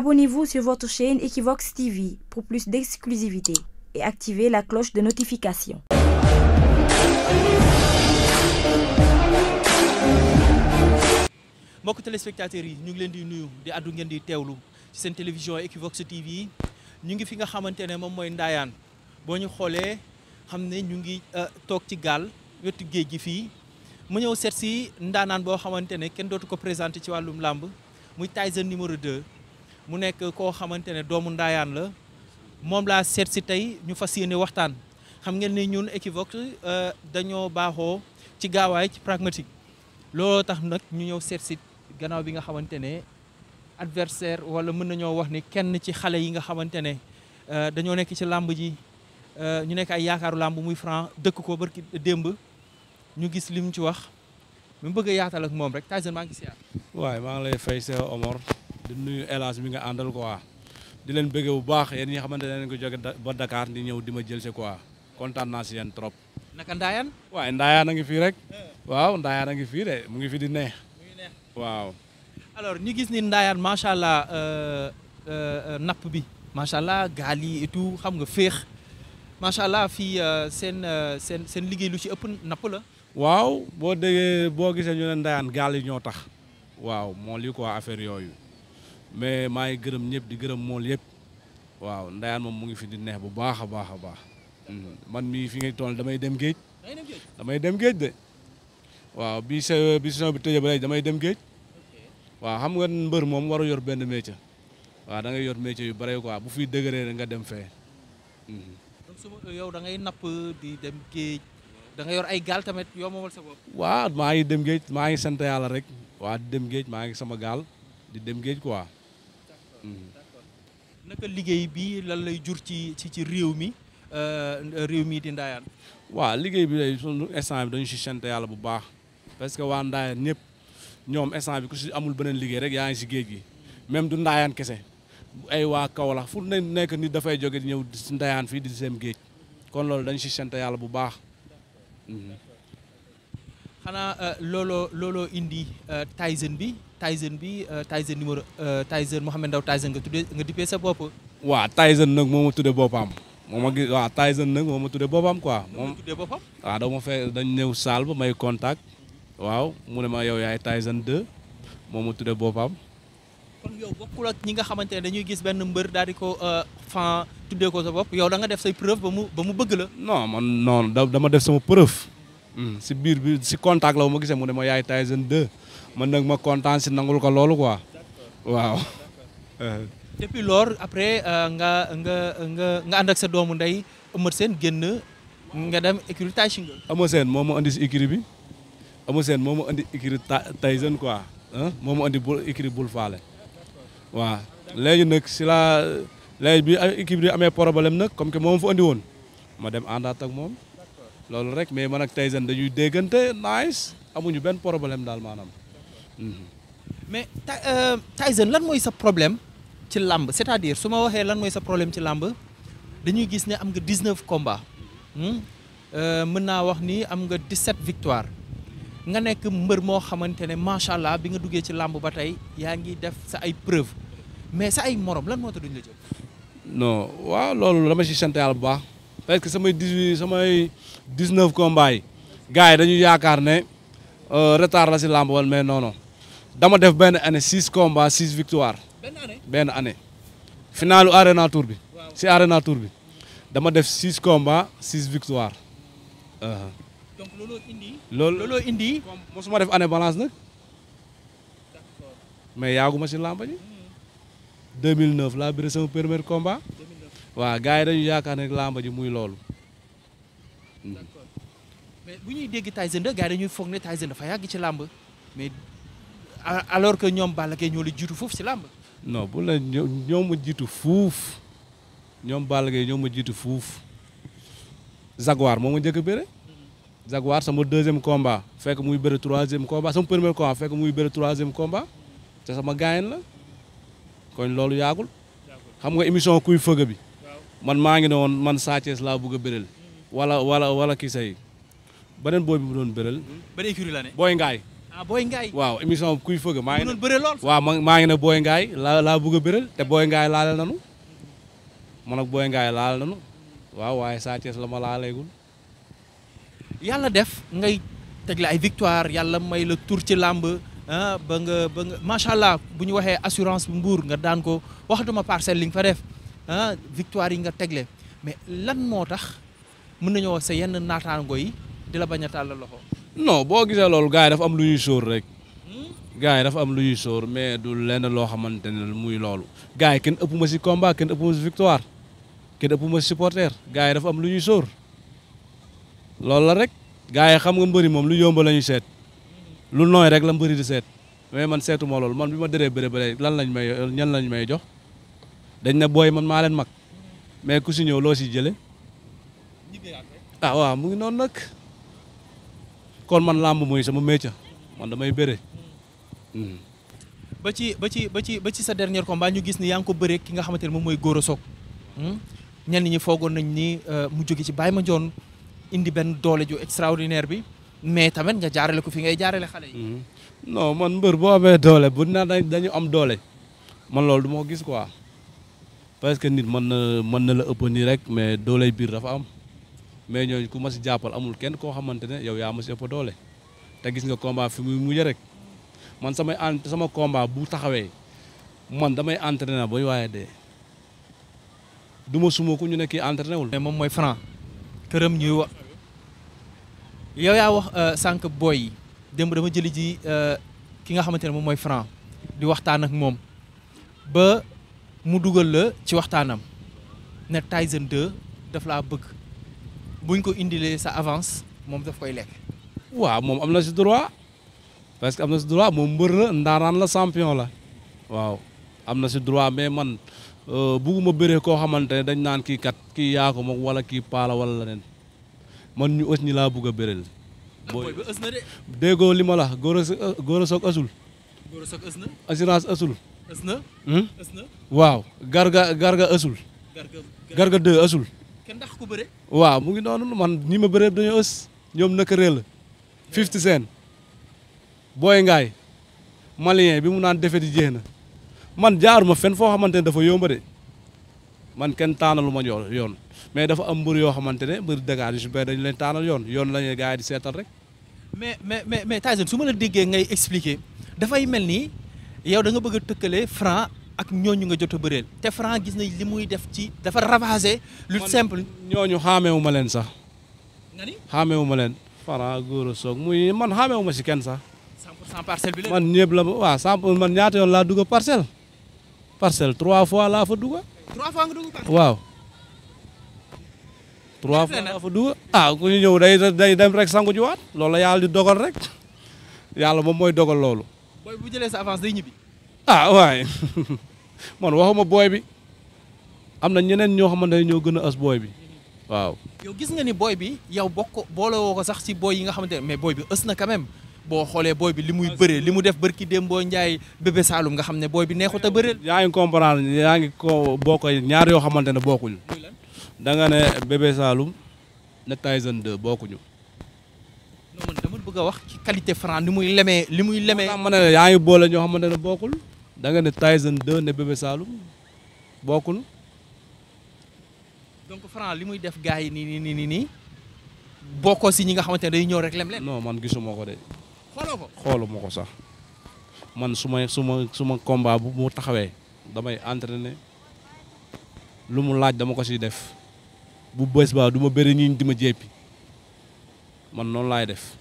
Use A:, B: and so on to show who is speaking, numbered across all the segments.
A: Abonnez-vous sur votre chaîne Equivox TV pour plus d'exclusivité et activez la cloche de notification.
B: mbokk téléspectateurs yi ñu ngi leen di nuyu di addu ngeen di teewlu ci seen télévision Equivox TV ñu ngi fi nga xamante ne moom mooy ndaayaan boo ñu xoolee xam ne ñu ngi euh, toog ci gaal wetu géej gi fii mu ñëw seet si ndaanaan boo xamante ne kenn dootu ko présenté ci wàllum làmb muy Tyson numéro 2. mu nekk koo xamante ne doomu ndaayaan la moom laa seet si tey ñu fas yéene waxtaan xam ngeen ni ñun Equivox euh, dañoo baaxoo ci gaawaay ci pragmatique looloo tax nag ñu ñëw seet si gannaaw bi nga xamante ne adversaire wala mën nañoo wax ni kenn ci xale yi nga xamante ne euh, dañoo nekk ci làmb ji euh, ñu nekk ay yaakaaru làmb muy franc dëkk ko barki démb ñu gis lim ci wax mu bëgg a yaatal ak moom rek Tyson maa ngi si
A: waaye maa ngi lay fay Omar di nuyu élage mi nga àndal quoi di leen bëggee bu baax yéen ñi nga xamante ne leen ko jóge ba dakaar di ñëw di ma jël si quoi kontaan naa si yéen trop. naka Ndaayaan. waaye Ndaayaan a ngi fii rek. Eh. waaw Ndaayaan a ngi fii de mu ngi fi di neex. waaw. alors ñu gis ni Ndaayaan macha allah euh,
B: euh, euh, napp bi macha allah gaal yi et xam nga féex macha allah fii seen seen seen liggéey lu ci ëpp napp la.
A: waaw boo déggee boo gisee ñu ne Ndaayaan gaal yi ñoo tax. waaw moo lii ko affaire yooyu. mais maa ngi gërëm ñëpp di gërëm mool yëpp waaw ndayaan moom mu ngi fi di neex bu baax a baax a baax mm-hmm. man mii fi nga toll damay dem géej damay dem géej de waaw bi sa bi saison ba damay dem géej waaw xam nga mbër moom waru yor benn métier waaw da yor métier yu bare quoi bu fiy dëgëree nga dem fee mm-hmm.
B: donc da ngay napp di dem géej danga yor ay gaal tamit yoo moomal sa bopp
A: waaw maa ngi dem géej maa ngi sant yàlla rek waa di dem géej maa ngi sama gaal di dem géej quoi d'accord naka liggéey bi lan lay jur ci ci ci réew mi euh, réew mi di ndaayaan waaw liggéey bi day sunu instant bi dañu si sant yàlla bu baax parce que waa Ndayane ñëpp ñoom instant bi ku si amul beneen liggéey rek yaa ngi si géej gi même du ndaayaan kese ay waa Kaolack fu ne nekk nit dafay jóge di ñëw si Ndayane fii di seen géej kon loolu dañu si sant yàlla bu baax.
B: xanaa euh, looloo indi euh, Tyson bi. Tyson bi euh, Tyson numéro euh, Tyson Mohamed Ndao Tyson
A: nga tuddee nga dippee sa bopp. waaw Tyson nag moo ma tuddee boppam. moo ma waa waaw Tyson nag moo ma tuddee boppam quoi. moom tuddee boppam. waaw da ma fekk dañ saal ba may contact. waaw mu ne ma yow yaay Tyson 2 moo ma tuddee boppam.
B: kon yow bokkul ak ñi nga xamante ne dañuy gis benn mbër daal di ko euh, fan tuddee ko sa bopp yow da nga def say preuve ba mu ba mu bëgg
A: la. non man non dama def sama preuve. Hmm, si biir bi si contact la ma gise mu ne ma yaay Tyson 2. man nag ma kontaan si nangul ko loolu quoi waaw.
B: depuis lors après euh, nga nga nga nga ak sa doomu ndey Eumeu seen génn
A: nga dem écurie Tyson. Eumeu Sène moo ma andi si écurie bi Eumeu Sène moo ma andi écurie Tyson quoi ah moo ma andi bu écurie bul faale waaw léegi nag si la léegi bi équipe bi amee problème nak comme que moom fa andi woon ma dem àndaat ak moom loolu rek mais man ak Tyson dañuy déggante nice amuñu benn problème daal maanaam. mais euh, Tyson lan mooy sa problème
B: ci làmb c'est-à-dire su ma waxee lan mooy sa problème ci làmb dañuy gis ne am nga 19 combats hmm? euh, mën naa wax ni am nga 17 victoires nga nekk mbër moo xamante ne macha allah bi nga duggee ci làmb ba tey yaa ngi def sa ay preuve mais sa ay morom lan moo tax duñ la jël.
A: non waaw loolu dama ci sant yàlla bu baax parce que samay 18 samay 19 yi gars yi dañu yaakaar ne euh, retard la ci làmb wala mais noonu dama def benn année six combats six victoire benn année finalu arena bi si arena bi dama def six combats six victoire uh-huh. donc indi. looloo indi. mosuma def année balance nag mais yaaguma si làmba ji 2009 hmm. laa bëre sama premier combat waaw gars yi yaakaar ne làmba ji muy loolu.
B: mais bu ñuy dégg Tyson 2 gars yi dañuy foog ne Tyson dafa yàgg ci làmb mais. alors que ñoom Balla Gaye ñoo la jiitu foofu si làmb
A: non bu la ma jiitu fuuf ñoom Balla Gaye ma jiitu fuuf Jaguar moo ma njëkk a bëre Jaguar sama deuxième combat fekk muy bëre troisième combat sama premier combat fekk muy bëre troisième combat sama gaayen la kon loolu yaagul xam nga émission kuy fëgg bi man maa ngi ne woon man Sa laa bëgg a bëreel wala wala wala kii say beneen booy bi mu doon bëreel beneen écurie la booy ngaay ah Boy Ngaye waaw émission kuy fëgg maa ngi ne bëre lool waaw maa ngi Boy Ngaye laa laa bëgg a bëral te Boy Ngaye laale nanu man ak Boy Ngaye laal nanu waaw waaye Sa la ma laaleegul
B: yàlla def ngay tegle ay victoire yàlla may la tur ci làmb ah ba nga ba allah bu ñu waxee assurance bu mbuur nga daan ko waxatuma parcelle li nga fa def ah victoire yi nga tegle mais lan moo tax mën nañoo sa yenn naataango yi di la bañ a tàllal loxo.
A: non boo gisee loolu gars dafa am lu ñuy sóor rek hmm? gars yi dafa am lu ñuy mais du lenn loo xamante ne muy loolu gars yi kenn ëpp ma si combat kenn ëpp ma si victoire kenn ëpp ma si supporter gars yi dafa am lu ñuy sóor loolu la rek gars yi xam nga mbëri moom lu yomb la ñuy seet lu nooy rek la mbëri di seet mais man seetu ma loolu man bi ma dëree bëre bëre lan lañ may ñan lañ may jox dañ na booy man maa leen mag mais ku si ñëw loo si jële ah mu ngi noonu nag. kon man laa làmb mooy sama métier man damay bëre. Hmm. Hmm. ba ci ba ci ba ci ba ci sa dernier combat ñu gis ni yaa
B: nga ko bëree ki nga xamante ne moom mooy Gora Sock hmm? ñan ñi foogoon nañ ni euh, mu jóge ci Baye Mandione indi benn doole ju extraordinaire bi mais tamit nga jaarale ko fi ngay jaarale xale
A: yi. non man mbër boo amee doole bu naan dañu am doole man loolu du ko gis quoi parce que nit mën na mën na la ëpp nii rek mais doole biir dafa am. mais ñooñu ku ma si jàppal amul kenn koo xamante ne yow yaa ma si ëpp doole te gis nga combat fi muy mujj rek man samay ent sama combat bu taxawee man damay entraîné ba waaye de du ma suma ku ñu ne kii entraîné wul. mais moom mooy franc
B: këram ñuy wax yow yaa wax euh, sànq boy yi démb dama jëli ji euh, ki nga xamante ne moom mooy franc di waxtaan ak moom ba mu dugal la ci waxtaanam ne Tyson 2 daf laa bëgg. buñ ko indilee sa avance moom daf koy lekk.
A: waaw moom am na si droit parce que am na si droit moom mbër la ndaanaan la champion la waaw am na si droit mais man euh, bugguma bëree koo xamante ne dañ naan kii kat kii yaako ko moom wala kii paala wala leneen man ñu ës ñi laa bugg a bëreel. Ah, booy déggoo li ma la góor soog asul.
B: góor na. assurance asul. ës hmm?
A: waaw garga garga asul. garga deux asul. kenn ndax ko waaw mu ngi noonu man ñi ma bëree dañoo ës ñoom naka réel Fifty Cent Boy Ngaay malien bi mu naan defe di jeex na man jaar ma fen foo xamante ne dafa yomba de man kenn taanalu ma yoon mais dafa am mbër yoo xamante ne mbër Dakar yu si bëri dañu leen taanal yoon yoon lañuy gars yi di seetal rek.
B: mais mais mais mais Tyson su ma la déggee ngay expliquer dafay mel ni yow da nga bëgg a tëkkale Franc ak ñooñu nga jot a
A: bëreel te Franc gis nañ li muy def ci dafa ravager lu simple ñooñu xaamewu ma leen sax xaamewu ma leen Franc góor a soog muy man xaamewu ma si kenn sax man ñëpp la waaw samp man ñaata yoon laa dugg parcelle parcelle trois fois laa fa trois fois nga dugg waaw trois fois laa fa dugg ah ku ñu ñëw day day dem rek sangu ji waat loolu la yàlla di dogal rek yàlla moom mooy dogal loolu
B: booy bu
A: man waxuma booy bi am na ñeneen ñoo xamante ne ñoo gën a as booy bi waaw.
B: yow gis nga ni booy bi yow bokk woo ko sax si booy yi nga xamante ne mais booy bi ës na quand même boo booy bi
A: li muy bëree li mu def barki Dembo Ndiaye bébé Saloum nga xam ne booy bi neexut a bëreel. yaa ngi comprendre yaa ngi ko bokk ñaar yoo xamante ne bokkuñu da nga ne bébé Saloum ne Tyson 2 bëgg a wax ci qualité muy lemee li muy lemee. ma ne yaa ngi boole ñoo xamante ne bokkul. da nga ne Tyson 2 ne Bébé Saloum bokkul.
B: donc Franc li muy def gars yi nii nii nii nii bokkoo si ñi nga xamante ne day ñëw rek lem lem. non man gisuma ko de.
A: xooloo ko xooluma ko sax man su ma su ma su ma bu mu taxawee damay entraîner lu mu laaj dama ko si def bu bés baa du ma bëri ñi di ma jéppi man noonu laay def.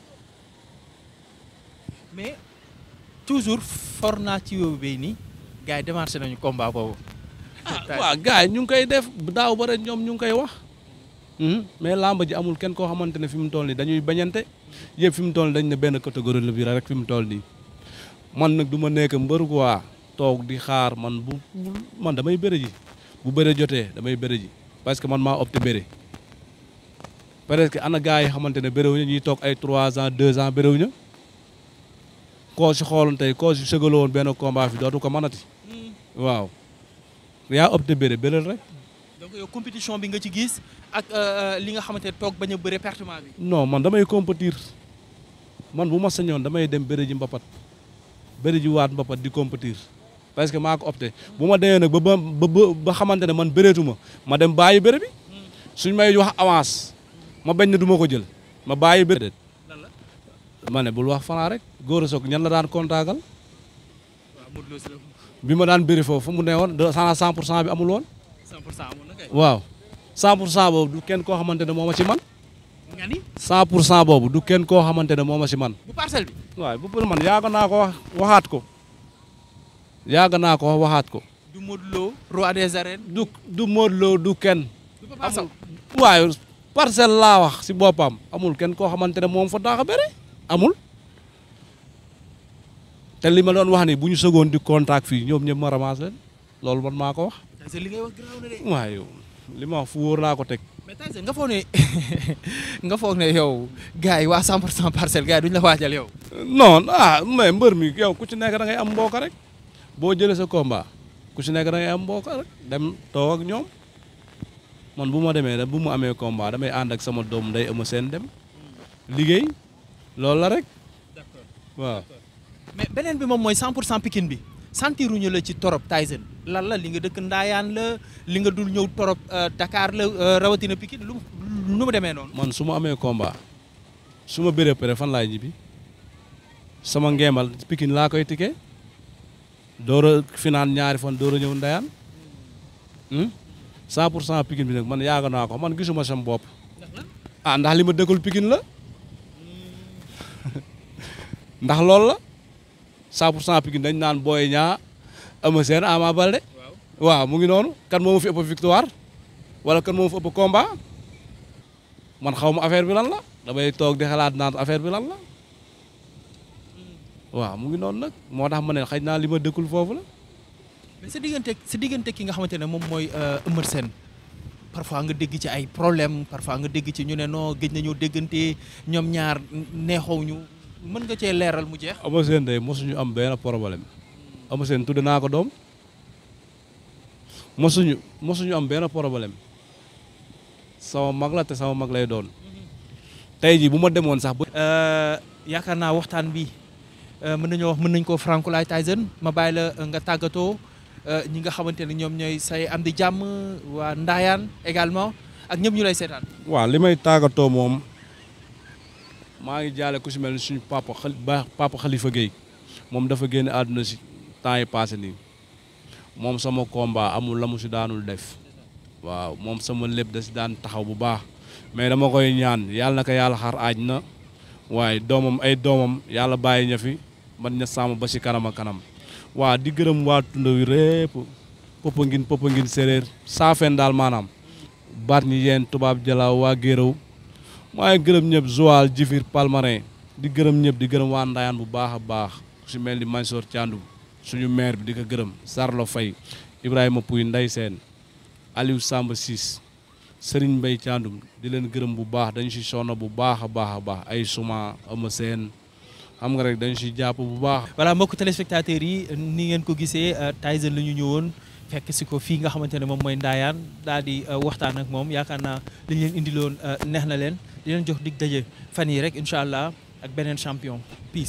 B: toujours for naa ci wéwu bay nii gars yi démarché nañu combat boobu.
A: ah waaw gars yi ñu ngi koy def daaw ba rek ñoom ñu ngi koy wax. Hmm? mais làmb ji amul kenn koo xamante ne fi mu toll nii dañuy bañante yëpp fi mu toll nii dañ ne benn catégorie la bi rek fi mu toll nii man nag du ma nekk mbër quoi toog di xaar man bu man damay bëri ji bu bëre jotee damay bëri ji parce que man maa opté bëre parce que ana gars yi xamante ne bëre wu ñu ñuy toog ay 3 ans 2 ans bëre ñu koo si xooloon tey koo si sëgale woon benn combat fi dootu ko mënati hmm. waaw yaa opté bëre bëreel rek.
B: donc compétition bi nga ci gis ak euh, euh, li nga xamante ne toog bañ a bëre pertement bi.
A: man damay compétir man bu ma sañoon damay dem bëre ji mbapat bëre ji waat mbapat di compétir parce que maa ko opté bu ma demee nag ba ba ba xamante ne man bëreetu ma ma dem bàyyi bëre bi hmm. suñ may wax avance ma bañ ne duma ko jël ma bàyyi bëre. ma ne bul wax Franc rek góor a soog ñan la daan kontaagal. bi ma daan bëri foofu fu mu ne woon de xanaa 100 pour cent bi amul woon. 100 pour waaw 100 pour cent du kenn koo xamante ne moo ma ci man. nga ni. 100 pour cent boobu du kenn koo xamante ne moo ma ci man. parcelle bi. bu pour man yaaga naa ko wax waxaat ko. yaaga naa ko wax waxaat ko. du Modou Lo roi des du du Modou du kenn. amul waaye parcelle laa wax si boppam amul kenn koo xamante ne moom fo daax amul te li ma doon wax ni bu ñu sëgoon di contact fii ñoom ñëpp ma ramasse leen loolu man maa ko wax. Tyson li ngay wax li ma wax fu laa ko teg.
B: mais Tyson nga foog ne
A: nga foog yi waa 100 pour 100 parcelle gars yi duñ la waajal yow. non ah mais mbër mi yow ku ci nekk da ngay am mbokk rek boo jëlee sa combat ku ci nekk da am mbokk dem toog ak ñoom. man bu ma demee bu mu amee combat damay ànd ak sama doom day ama seen dem liggéey loolu la rek. waaw.
B: mais beneen bi moom mooy 100 pour cent Pikine bi sentiruñu la ci torop Tyson lan la li nga dëkk Ndaayaan la li nga dul ñëw torop euh, Dakar la euh, rawatina Pikine
A: lu nu mu demee noonu. man su ma amee komba su ma béré pare fan laay ñibbi sama ngeemal Pikine laa koy tike door a finaan ñaari fan door a ñëw Ndayaan 100 hmm? pour cent Pikine bi nag man yaaga naa ko man gisuma sam bopp ah ndax li ma dëkkul Pikine la. ndax loolu la 100 pour cent Pikine dañ naan Boy Niang Eumeu Sène Ama Baldé waaw mu ngi noonu kan moo ma victoire wala kan moo ma fi ëpp combat man xaw ma affaire bi lan la damay toog di xalaat naan affaire bi lan la hmm. waaw mu ngi noonu nag moo tax ma ne xëy naa li ma dëkkul foofu la.
B: mais sa diggante sa diggante ki nga xamante ne moom mooy euh, Eumeu Sène parfois nga dégg ci ay problème parfois nga dégg ci ñu ne non gëj nañoo déggante ñoom ñaar neexow mën nga cee leeral mu jeex. Eumeu
A: Sène day mosuñu am benn problème Eumeu Sène tudd naa ko doom mosuñu mosuñu am benn problème sama mag la te sama mag lay doon tey jii bu ma demoon sax. Euh, yaakaar naa waxtaan bi
B: euh, mën nañoo wax mën nañ koo Francois Tyson ma bàyyi la euh, nga tàggatoo ñi nga xamante ne ñoom ñooy say am di jàmm waa Ndaayaan également ak ñëpp ñu lay seetaan.
A: waa li may tàggatoo moom. maa ngi jaale ku si mel ni suñu papa xali papa Khalifa Gueye moom dafa génn àdduna si temps yi passé nii moom sama combat amul la mu si daanul def waaw moom sama lépp da si daan taxaw bu baax mais dama koy ñaan yàlla na ko yàlla xar aaj na waaye doomam ay doomam yàlla bàyyi ña fi man ña sàmm ba si kanam kanam waa di gërëm waa tund wi répp Popenguine Popenguine séréer saafeen daal maanaam baat ñi yeen tubaab jalaaw waa géeraw maa gërëm ñëpp Joal Jifir Palmarin di gërëm ñëpp di gërëm waa Ndayane bu baax a baax ku si mel ni Mansour Thiandou suñu maire bi di ko gërëm Sarlo Faye Ibrahima Pouy Ndey Seen Aliou Samba Ciss Serigne Mbaye Thiandoum di leen gërëm bu baax dañu si sonn bu baax a baax a baax ay suma ama seen xam nga rek dañ si jàpp bu baax. voilà mbokk téléspectateurs yi ni ngeen ko gisee Tyson la ñu ñëwoon. fekk si ko
B: fii nga xamante ne moom mooy ndaayaan daal di euh, waxtaan ak moom yaakaar naa li ñu leen indiloon euh, neex na leen di leen jox dig daje fan yi rek incha allah ak beneen champion peace